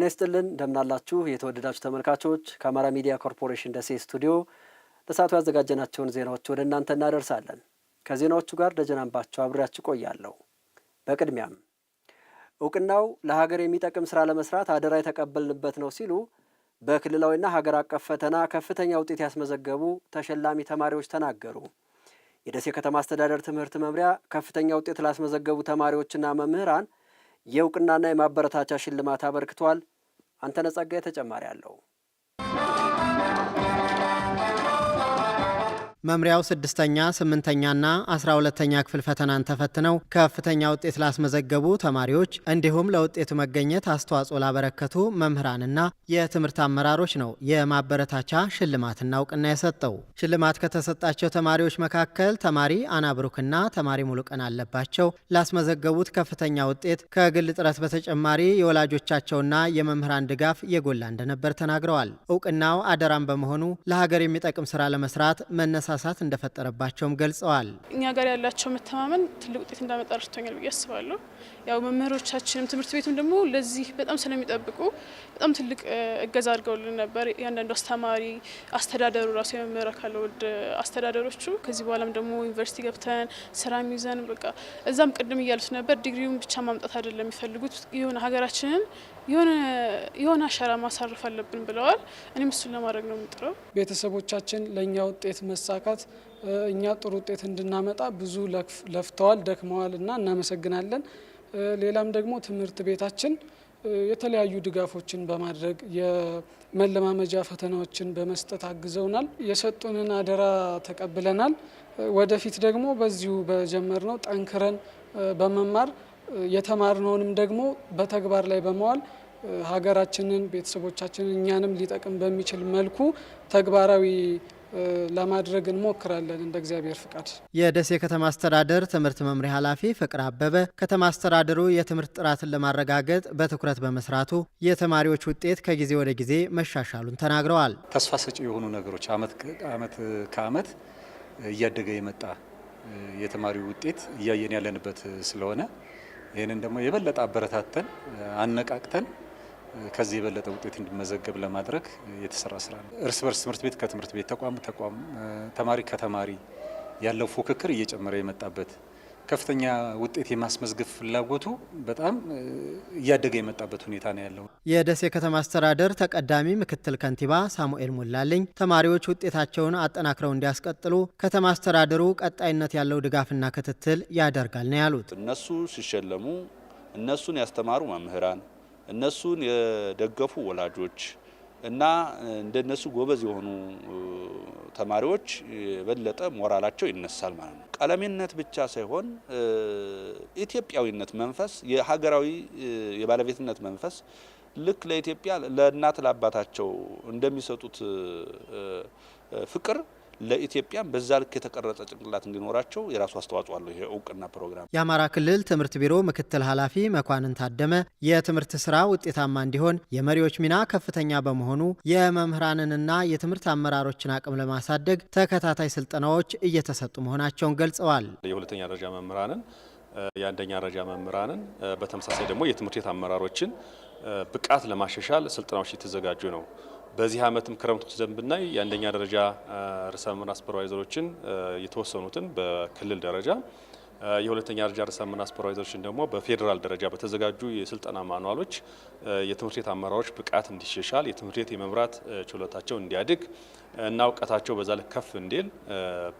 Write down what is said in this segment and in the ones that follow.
ጤና ይስጥልን እንደምናላችሁ የተወደዳችሁ ተመልካቾች፣ ከአማራ ሚዲያ ኮርፖሬሽን ደሴ ስቱዲዮ ለሰዓቱ ያዘጋጀናቸውን ዜናዎች ወደ እናንተ እናደርሳለን። ከዜናዎቹ ጋር ደጀናንባቸው አብሬያችሁ ቆያለሁ። በቅድሚያም እውቅናው ለሀገር የሚጠቅም ስራ ለመስራት አደራ የተቀበልንበት ነው ሲሉ በክልላዊና ሀገር አቀፍ ፈተና ከፍተኛ ውጤት ያስመዘገቡ ተሸላሚ ተማሪዎች ተናገሩ። የደሴ ከተማ አስተዳደር ትምህርት መምሪያ ከፍተኛ ውጤት ላስመዘገቡ ተማሪዎችና መምህራን የእውቅናና የማበረታቻ ሽልማት አበርክቷል። አንተነህ ጸጋዬ ተጨማሪ አለው። መምሪያው ስድስተኛ ስምንተኛና አስራ ሁለተኛ ክፍል ፈተናን ተፈትነው ከፍተኛ ውጤት ላስመዘገቡ ተማሪዎች እንዲሁም ለውጤቱ መገኘት አስተዋጽኦ ላበረከቱ መምህራንና የትምህርት አመራሮች ነው የማበረታቻ ሽልማትና እውቅና የሰጠው። ሽልማት ከተሰጣቸው ተማሪዎች መካከል ተማሪ አናብሩክና ተማሪ ሙሉቀን አለባቸው ላስመዘገቡት ከፍተኛ ውጤት ከግል ጥረት በተጨማሪ የወላጆቻቸውና የመምህራን ድጋፍ የጎላ እንደነበር ተናግረዋል። እውቅናው አደራም በመሆኑ ለሀገር የሚጠቅም ስራ ለመስራት መነሳ መነሳሳት እንደፈጠረባቸውም ገልጸዋል። እኛ ጋር ያላቸው መተማመን ትልቅ ውጤት እንዳመጣ ረድቶኛል ብዬ አስባለሁ። ያው መምህሮቻችንም ትምህርት ቤቱም ደግሞ ለዚህ በጣም ስለሚጠብቁ በጣም ትልቅ እገዛ አድርገውልን ነበር። እያንዳንዱ አስተማሪ፣ አስተዳደሩ ራሱ የመምህር አካል ወልድ አስተዳደሮቹ ከዚህ በኋላም ደግሞ ዩኒቨርሲቲ ገብተን ስራ ሚይዘን በቃ እዛም ቅድም እያሉት ነበር ዲግሪውን ብቻ ማምጣት አይደለም የሚፈልጉት የሆነ ሀገራችንን የሆነ አሻራ ማሳረፍ አለብን ብለዋል። እኔም እሱን ለማድረግ ነው የምጥረው። ቤተሰቦቻችን ለእኛ ውጤት መሳካት እኛ ጥሩ ውጤት እንድናመጣ ብዙ ለፍተዋል፣ ደክመዋል እና እናመሰግናለን። ሌላም ደግሞ ትምህርት ቤታችን የተለያዩ ድጋፎችን በማድረግ የመለማመጃ ፈተናዎችን በመስጠት አግዘውናል። የሰጡንን አደራ ተቀብለናል። ወደፊት ደግሞ በዚሁ በጀመርነው ጠንክረን በመማር የተማርነውንም ደግሞ በተግባር ላይ በመዋል ሀገራችንን፣ ቤተሰቦቻችንን እኛንም ሊጠቅም በሚችል መልኩ ተግባራዊ ለማድረግ እንሞክራለን እንደ እግዚአብሔር ፍቃድ። የደሴ ከተማ አስተዳደር ትምህርት መምሪያ ኃላፊ ፍቅር አበበ ከተማ አስተዳደሩ የትምህርት ጥራትን ለማረጋገጥ በትኩረት በመስራቱ የተማሪዎች ውጤት ከጊዜ ወደ ጊዜ መሻሻሉን ተናግረዋል። ተስፋ ሰጪ የሆኑ ነገሮች አመት ከአመት እያደገ የመጣ የተማሪው ውጤት እያየን ያለንበት ስለሆነ ይህንን ደግሞ የበለጠ አበረታተን አነቃቅተን ከዚህ የበለጠ ውጤት እንዲመዘገብ ለማድረግ የተሰራ ስራ ነው። እርስ በርስ ትምህርት ቤት ከትምህርት ቤት፣ ተቋም ተቋም፣ ተማሪ ከተማሪ ያለው ፉክክር እየጨመረ የመጣበት ከፍተኛ ውጤት የማስመዝገብ ፍላጎቱ በጣም እያደገ የመጣበት ሁኔታ ነው ያለው። የደሴ ከተማ አስተዳደር ተቀዳሚ ምክትል ከንቲባ ሳሙኤል ሞላልኝ ተማሪዎች ውጤታቸውን አጠናክረው እንዲያስቀጥሉ ከተማ አስተዳደሩ ቀጣይነት ያለው ድጋፍና ክትትል ያደርጋል ነው ያሉት። እነሱ ሲሸለሙ እነሱን ያስተማሩ መምህራን፣ እነሱን የደገፉ ወላጆች እና እንደነሱ ጎበዝ የሆኑ ተማሪዎች የበለጠ ሞራላቸው ይነሳል ማለት ነው። ቀለሜነት ብቻ ሳይሆን ኢትዮጵያዊነት መንፈስ፣ የሀገራዊ የባለቤትነት መንፈስ ልክ ለኢትዮጵያ ለእናት ለአባታቸው እንደሚሰጡት ፍቅር ለኢትዮጵያም በዛ ልክ የተቀረጸ ጭንቅላት እንዲኖራቸው የራሱ አስተዋጽኦ አለው ይሄ እውቅና ፕሮግራም። የአማራ ክልል ትምህርት ቢሮ ምክትል ኃላፊ መኳንን ታደመ የትምህርት ስራ ውጤታማ እንዲሆን የመሪዎች ሚና ከፍተኛ በመሆኑ የመምህራንንና የትምህርት አመራሮችን አቅም ለማሳደግ ተከታታይ ስልጠናዎች እየተሰጡ መሆናቸውን ገልጸዋል። የሁለተኛ ደረጃ መምህራንን የአንደኛ ደረጃ መምህራንን በተመሳሳይ ደግሞ የትምህርት ቤት አመራሮችን ብቃት ለማሻሻል ስልጠናዎች እየተዘጋጁ ነው። በዚህ ዓመትም ክረምት ውስጥ ብናይ የአንደኛ ደረጃ ርዕሰ መምህራን ሱፐርቫይዘሮችን የተወሰኑትን በክልል ደረጃ የሁለተኛ ደረጃ ርዕሰ መምህራን ሱፐርቫይዘሮችን ደግሞ በፌዴራል ደረጃ በተዘጋጁ የስልጠና ማኗሎች የትምህርት ቤት አመራሮች ብቃት እንዲሻሻል የትምህርት ቤት የመምራት ችሎታቸው እንዲያድግ እና እውቀታቸው በዛ ልክ ከፍ እንዲል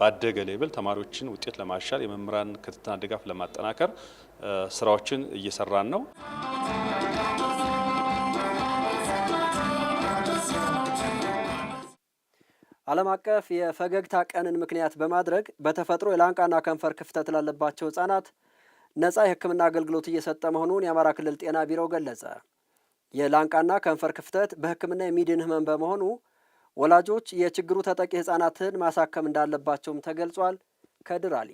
ባደገ ሌብል ተማሪዎችን ውጤት ለማሻል የመምህራን ክትትልና ድጋፍ ለማጠናከር ስራዎችን እየሰራን ነው። ዓለም አቀፍ የፈገግታ ቀንን ምክንያት በማድረግ በተፈጥሮ የላንቃና ከንፈር ክፍተት ላለባቸው ህጻናት ነጻ የህክምና አገልግሎት እየሰጠ መሆኑን የአማራ ክልል ጤና ቢሮ ገለጸ። የላንቃና ከንፈር ክፍተት በህክምና የሚድን ህመም በመሆኑ ወላጆች የችግሩ ተጠቂ ህጻናትን ማሳከም እንዳለባቸውም ተገልጿል። ከድር አሊ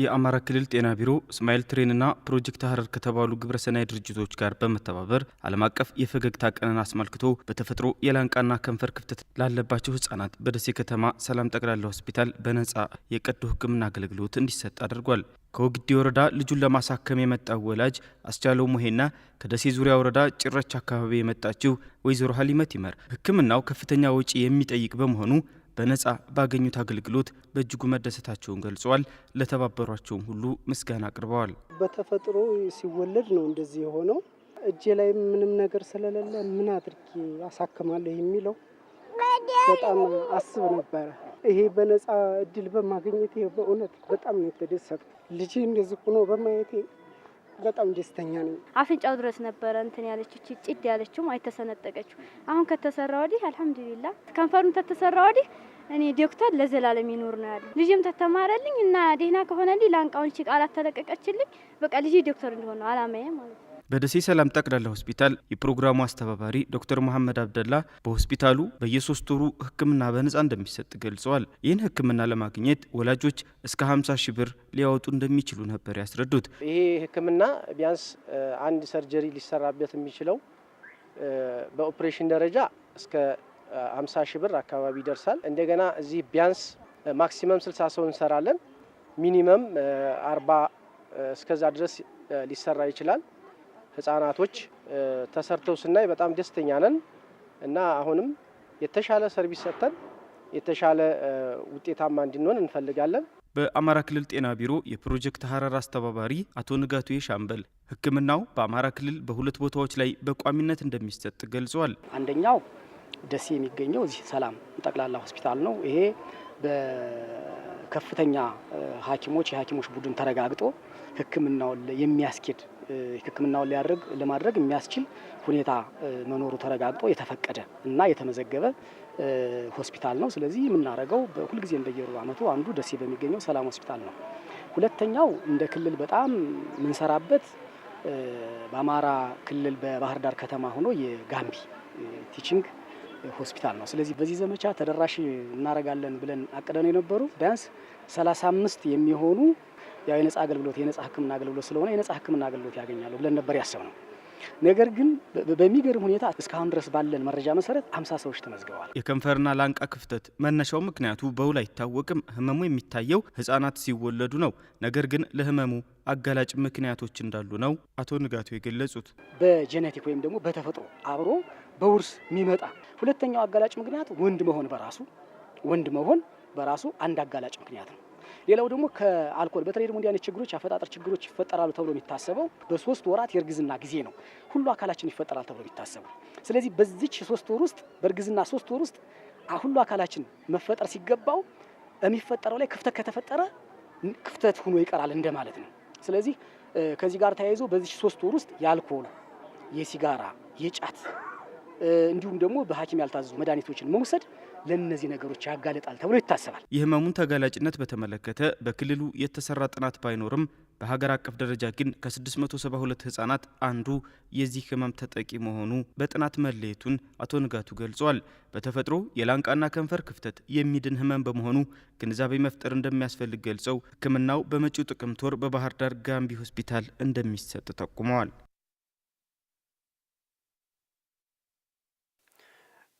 የአማራ ክልል ጤና ቢሮ እስማኤል ትሬንና ፕሮጀክት ሀረር ከተባሉ ግብረሰናይ ድርጅቶች ጋር በመተባበር ዓለም አቀፍ የፈገግታ ቀንን አስመልክቶ በተፈጥሮ የላንቃና ከንፈር ክፍተት ላለባቸው ህጻናት በደሴ ከተማ ሰላም ጠቅላላ ሆስፒታል በነፃ የቀዶ ሕክምና አገልግሎት እንዲሰጥ አድርጓል። ከወግዴ ወረዳ ልጁን ለማሳከም የመጣው ወላጅ አስቻለው ሙሄና ከደሴ ዙሪያ ወረዳ ጭረች አካባቢ የመጣችው ወይዘሮ ሀሊመት ይመር ሕክምናው ከፍተኛ ወጪ የሚጠይቅ በመሆኑ በነፃ ባገኙት አገልግሎት በእጅጉ መደሰታቸውን ገልጸዋል። ለተባበሯቸውም ሁሉ ምስጋና አቅርበዋል። በተፈጥሮ ሲወለድ ነው እንደዚህ የሆነው። እጄ ላይ ምንም ነገር ስለሌለ ምን አድርጌ አሳክማለሁ የሚለው በጣም አስብ ነበረ። ይሄ በነፃ እድል በማገኘት በእውነት በጣም ነው የተደሰትኩት። ልጄ እንደዚህ ሆኖ በማየቴ በጣም ደስተኛ ነኝ። አፍንጫው ድረስ ነበረ እንትን ያለችው ጭድ ያለችው አይተሰነጠቀችው። አሁን ከተሰራ ወዲህ አልሐምዱሊላ ከንፈሩን ተተሰራ ወዲህ እኔ ዶክተር ለዘላለም ይኖር ነው ያለ። ልጅም ተተማረልኝ እና ደህና ከሆነልኝ ላንቃውን ቃላት ተለቀቀችልኝ። በቃ ልጅ ዶክተር እንደሆነ አላማዬ ማለት ነው። በደሴ ሰላም ጠቅላላ ሆስፒታል የፕሮግራሙ አስተባባሪ ዶክተር መሐመድ አብደላ በሆስፒታሉ በየሶስት ወሩ ሕክምና በነጻ እንደሚሰጥ ገልጸዋል። ይህን ሕክምና ለማግኘት ወላጆች እስከ 50 ሺህ ብር ሊያወጡ እንደሚችሉ ነበር ያስረዱት። ይሄ ሕክምና ቢያንስ አንድ ሰርጀሪ ሊሰራበት የሚችለው በኦፕሬሽን ደረጃ እስከ 50 ሺህ ብር አካባቢ ይደርሳል። እንደገና እዚህ ቢያንስ ማክሲመም 60 ሰው እንሰራለን። ሚኒመም 40 እስከዛ ድረስ ሊሰራ ይችላል። ህጻናቶች ተሰርተው ስናይ በጣም ደስተኛ ነን እና አሁንም የተሻለ ሰርቪስ ሰጥተን የተሻለ ውጤታማ እንድንሆን እንፈልጋለን። በአማራ ክልል ጤና ቢሮ የፕሮጀክት ሀረር አስተባባሪ አቶ ንጋቱ ሻምበል ሕክምናው በአማራ ክልል በሁለት ቦታዎች ላይ በቋሚነት እንደሚሰጥ ገልጿል። አንደኛው ደሴ የሚገኘው እዚህ ሰላም ጠቅላላ ሆስፒታል ነው። ይሄ በከፍተኛ ሐኪሞች የሐኪሞች ቡድን ተረጋግጦ ሕክምናውን የሚያስኬድ ሕክምናውን ሊያደርግ ለማድረግ የሚያስችል ሁኔታ መኖሩ ተረጋግጦ የተፈቀደ እና የተመዘገበ ሆስፒታል ነው። ስለዚህ የምናደርገው ሁልጊዜም በየሩብ ዓመቱ አንዱ ደሴ በሚገኘው ሰላም ሆስፒታል ነው። ሁለተኛው እንደ ክልል በጣም የምንሰራበት በአማራ ክልል በባህር ዳር ከተማ ሆኖ የጋምቢ ቲችንግ ሆስፒታል ነው። ስለዚህ በዚህ ዘመቻ ተደራሽ እናደርጋለን ብለን አቅደነው የነበሩ ቢያንስ 35 የሚሆኑ ያው የነጻ አገልግሎት የነጻ ሕክምና አገልግሎት ስለሆነ የነጻ ሕክምና አገልግሎት ያገኛሉ ብለን ነበር ያሰብነው። ነገር ግን በሚገርም ሁኔታ እስካሁን ድረስ ባለን መረጃ መሰረት አምሳ ሰዎች ተመዝግበዋል። የከንፈርና ላንቃ ክፍተት መነሻው ምክንያቱ በውል አይታወቅም። ህመሙ የሚታየው ህጻናት ሲወለዱ ነው። ነገር ግን ለህመሙ አጋላጭ ምክንያቶች እንዳሉ ነው አቶ ንጋቱ የገለጹት። በጄኔቲክ ወይም ደግሞ በተፈጥሮ አብሮ በውርስ የሚመጣ ሁለተኛው አጋላጭ ምክንያት ወንድ መሆን በራሱ ወንድ መሆን በራሱ አንድ አጋላጭ ምክንያት ነው። ሌላው ደግሞ ከአልኮል በተለይ ደግሞ እንዲህ አይነት ችግሮች አፈጣጠር ችግሮች ይፈጠራሉ ተብሎ የሚታሰበው በሶስት ወራት የእርግዝና ጊዜ ነው ሁሉ አካላችን ይፈጠራል ተብሎ የሚታሰበው። ስለዚህ በዚች ሶስት ወር ውስጥ በእርግዝና ሶስት ወር ውስጥ ሁሉ አካላችን መፈጠር ሲገባው የሚፈጠረው ላይ ክፍተት ከተፈጠረ ክፍተት ሆኖ ይቀራል እንደማለት ነው። ስለዚህ ከዚህ ጋር ተያይዞ በዚች ሶስት ወር ውስጥ የአልኮል፣ የሲጋራ፣ የጫት እንዲሁም ደግሞ በሐኪም ያልታዘዙ መድኃኒቶችን መውሰድ ለእነዚህ ነገሮች ያጋለጣል ተብሎ ይታሰባል። የህመሙን ተጋላጭነት በተመለከተ በክልሉ የተሰራ ጥናት ባይኖርም በሀገር አቀፍ ደረጃ ግን ከ672 ህጻናት አንዱ የዚህ ህመም ተጠቂ መሆኑ በጥናት መለየቱን አቶ ንጋቱ ገልጿል። በተፈጥሮ የላንቃና ከንፈር ክፍተት የሚድን ህመም በመሆኑ ግንዛቤ መፍጠር እንደሚያስፈልግ ገልጸው ህክምናው በመጪው ጥቅምት ወር በባህር ዳር ጋምቢ ሆስፒታል እንደሚሰጥ ጠቁመዋል።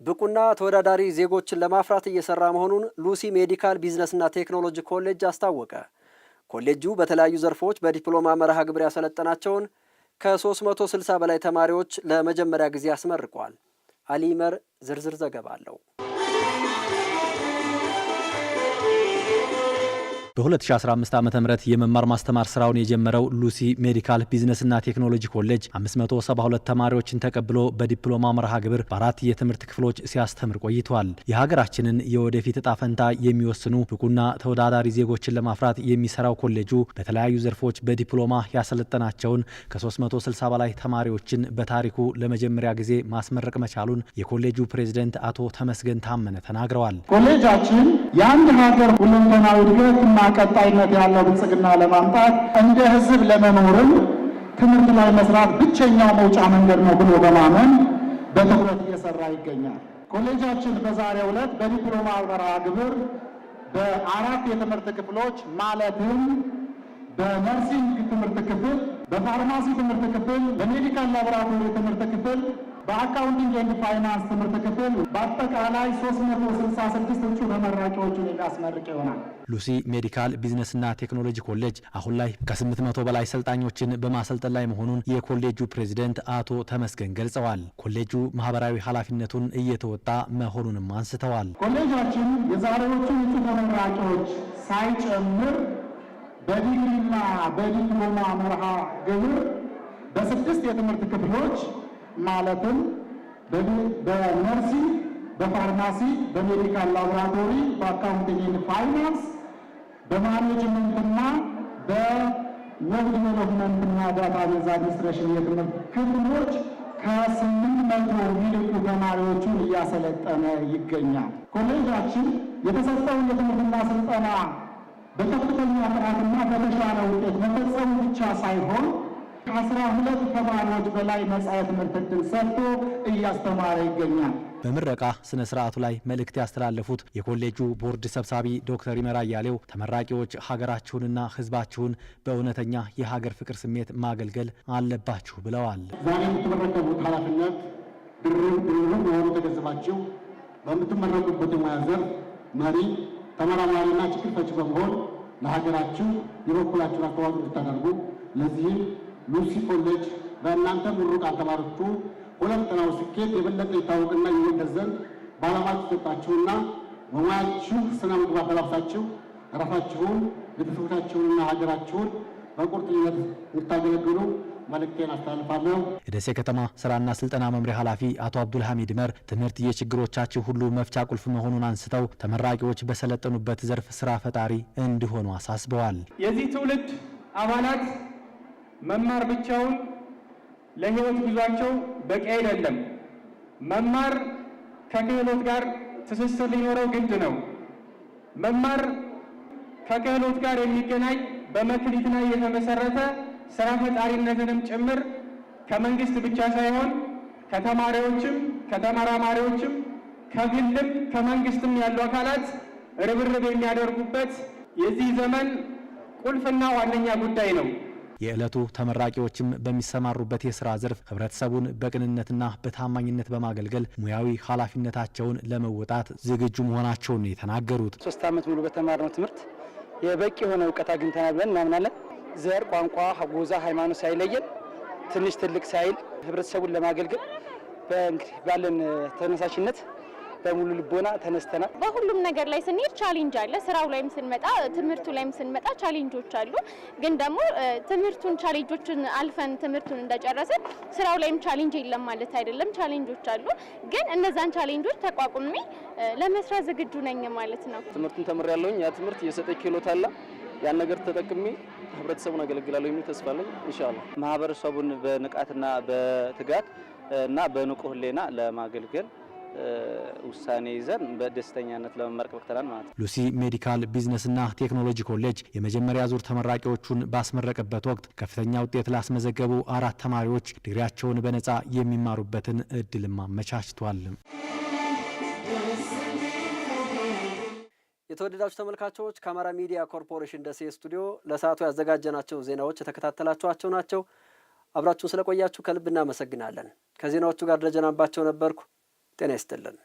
ብቁና ተወዳዳሪ ዜጎችን ለማፍራት እየሰራ መሆኑን ሉሲ ሜዲካል ቢዝነስና ቴክኖሎጂ ኮሌጅ አስታወቀ። ኮሌጁ በተለያዩ ዘርፎች በዲፕሎማ መርሃ ግብር ያሰለጠናቸውን ከ360 በላይ ተማሪዎች ለመጀመሪያ ጊዜ አስመርቋል። አሊመር ዝርዝር ዘገባ አለው። በ2015 ዓ ም የመማር ማስተማር ስራውን የጀመረው ሉሲ ሜዲካል ቢዝነስና ቴክኖሎጂ ኮሌጅ 572 ተማሪዎችን ተቀብሎ በዲፕሎማ መርሃ ግብር በአራት የትምህርት ክፍሎች ሲያስተምር ቆይቷል። የሀገራችንን የወደፊት እጣ ፈንታ የሚወስኑ ብቁና ተወዳዳሪ ዜጎችን ለማፍራት የሚሰራው ኮሌጁ በተለያዩ ዘርፎች በዲፕሎማ ያሰለጠናቸውን ከ360 በላይ ተማሪዎችን በታሪኩ ለመጀመሪያ ጊዜ ማስመረቅ መቻሉን የኮሌጁ ፕሬዝደንት አቶ ተመስገን ታመነ ተናግረዋል። ኮሌጃችን የአንድ ሀገር ሁለንተናዊ እድገትና ቀጣይነት ያለው ብልጽግና ለማምጣት እንደ ህዝብ ለመኖርም ትምህርት ላይ መስራት ብቸኛው መውጫ መንገድ ነው ብሎ በማመን በትኩረት እየሰራ ይገኛል። ኮሌጃችን በዛሬው ዕለት በዲፕሎማ መርሃ ግብር በአራት የትምህርት ክፍሎች ማለትም በነርሲንግ ትምህርት ክፍል፣ በፋርማሲ ትምህርት ክፍል፣ በሜዲካል ላቦራቶሪ ትምህርት ክፍል በአካውንቲንግ ኤንድ ፋይናንስ ትምህርት ክፍል በአጠቃላይ 366 እጩ ተመራቂዎችን የሚያስመርቅ ይሆናል። ሉሲ ሜዲካል ቢዝነስና ቴክኖሎጂ ኮሌጅ አሁን ላይ ከ800 በላይ ሰልጣኞችን በማሰልጠን ላይ መሆኑን የኮሌጁ ፕሬዚደንት አቶ ተመስገን ገልጸዋል። ኮሌጁ ማህበራዊ ኃላፊነቱን እየተወጣ መሆኑንም አንስተዋል። ኮሌጃችን የዛሬዎቹን እጩ ተመራቂዎች ሳይጨምር በዲግሪና በዲፕሎማ መርሃ ግብር በስድስት የትምህርት ክፍሎች ማለትም በነርሲንግ፣ በፋርማሲ፣ በሜዲካል ላቦራቶሪ፣ በአካውንቲንግ ፋይናንስ፣ በማኔጅመንትና በወልድ ዴቨሎፕመንትና ዳታቤዝ አድሚኒስትሬሽን የትምህርት ክፍሎች ከስምንት መቶ የሚልቁ ተማሪዎቹን እያሰለጠነ ይገኛል። ኮሌጃችን የተሰጠውን የትምህርትና ስልጠና በከፍተኛ ጥራትና በተሻለ ውጤት መፈጸሙ ብቻ ሳይሆን ከአስራ ሁለት ተማሪዎች በላይ ነጻ የትምህርት ዕድል ሰጥቶ እያስተማረ ይገኛል። በምረቃ ስነ ስርዓቱ ላይ መልእክት ያስተላለፉት የኮሌጁ ቦርድ ሰብሳቢ ዶክተር ይመራ አያሌው ተመራቂዎች ሀገራችሁንና ሕዝባችሁን በእውነተኛ የሀገር ፍቅር ስሜት ማገልገል አለባችሁ ብለዋል። ዛሬ የምትመረቀቡት ኃላፊነት ድርብ ድርብ መሆኑ ተገንዝባችሁ በምትመረቁበት የሙያ ዘርፍ መሪ ተመራማሪና ችግር ፈቺ በመሆን ለሀገራችሁ የበኩላችሁን አስተዋጽኦ እንድታደርጉ ለዚህም ሉሲ ኮሌጅ በእናንተ ምሩቃን ተማሪዎቹ ሁለንተናው ስኬት የበለጠ ይታወቅና ይወደድ ዘንድ በዓላማችሁ ተሰጣችሁና በሙያችሁ ስነ ምግባር ተላብሳችሁ ራሳችሁን ቤተሰቦቻችሁንና ሀገራችሁን በቁርጠኝነት እንድታገለግሉ መልእክቴን አስተላልፋለሁ። የደሴ ከተማ ስራና ስልጠና መምሪያ ኃላፊ አቶ አብዱል ሐሚድ መር ትምህርት የችግሮቻችሁ ሁሉ መፍቻ ቁልፍ መሆኑን አንስተው ተመራቂዎች በሰለጠኑበት ዘርፍ ስራ ፈጣሪ እንዲሆኑ አሳስበዋል። የዚህ ትውልድ አባላት መማር ብቻውን ለህይወት ጉዟቸው በቂ አይደለም። መማር ከክህሎት ጋር ትስስር ሊኖረው ግድ ነው። መማር ከክህሎት ጋር የሚገናኝ በመክሊት ላይ የተመሰረተ ስራ ፈጣሪነትንም ጭምር ከመንግስት ብቻ ሳይሆን ከተማሪዎችም ከተመራማሪዎችም ከግልም ከመንግስትም ያሉ አካላት ርብርብ የሚያደርጉበት የዚህ ዘመን ቁልፍና ዋነኛ ጉዳይ ነው። የዕለቱ ተመራቂዎችም በሚሰማሩበት የስራ ዘርፍ ህብረተሰቡን በቅንነትና በታማኝነት በማገልገል ሙያዊ ኃላፊነታቸውን ለመወጣት ዝግጁ መሆናቸውን የተናገሩት ሶስት ዓመት ሙሉ በተማርነው ትምህርት የበቂ የሆነ እውቀት አግኝተናል ብለን እናምናለን። ዘር፣ ቋንቋ፣ ጎዛ ሃይማኖት ሳይለየን ትንሽ ትልቅ ሳይል ህብረተሰቡን ለማገልገል በእንግዲህ ባለን ተነሳሽነት በሙሉ ልቦና ተነስተናል። በሁሉም ነገር ላይ ስንሄድ ቻሌንጅ አለ። ስራው ላይም ስንመጣ፣ ትምህርቱ ላይም ስንመጣ ቻሌንጆች አሉ። ግን ደግሞ ትምህርቱን ቻሌንጆችን አልፈን ትምህርቱን እንደጨረስን ስራው ላይም ቻሌንጅ የለም ማለት አይደለም። ቻሌንጆች አሉ። ግን እነዛን ቻሌንጆች ተቋቁሜ ለመስራት ዝግጁ ነኝ ማለት ነው። ትምህርቱን ተምሬያለሁኝ። ያ ትምህርት የሰጠ ክህሎት አለ። ያን ነገር ተጠቅሜ ህብረተሰቡን አገለግላለሁ የሚል ተስፋ አለኝ። ኢንሻአላህ ማህበረሰቡን በንቃትና በትጋት እና በንቁ ህሌና ለማገልገል ውሳኔ ይዘን በደስተኛነት ለመመረቅ በቅተናል ማለት ነው። ሉሲ ሜዲካል ቢዝነስና ቴክኖሎጂ ኮሌጅ የመጀመሪያ ዙር ተመራቂዎቹን ባስመረቅበት ወቅት ከፍተኛ ውጤት ላስመዘገቡ አራት ተማሪዎች ድግሪያቸውን በነጻ የሚማሩበትን እድልም አመቻችቷል። የተወደዳችሁ ተመልካቾች ከአማራ ሚዲያ ኮርፖሬሽን ደሴ ስቱዲዮ ለሰዓቱ ያዘጋጀናቸው ዜናዎች የተከታተላችኋቸው ናቸው። አብራችሁን ስለቆያችሁ ከልብ እናመሰግናለን። ከዜናዎቹ ጋር ደጀናባቸው ነበርኩ። ጤና ይስጥልን።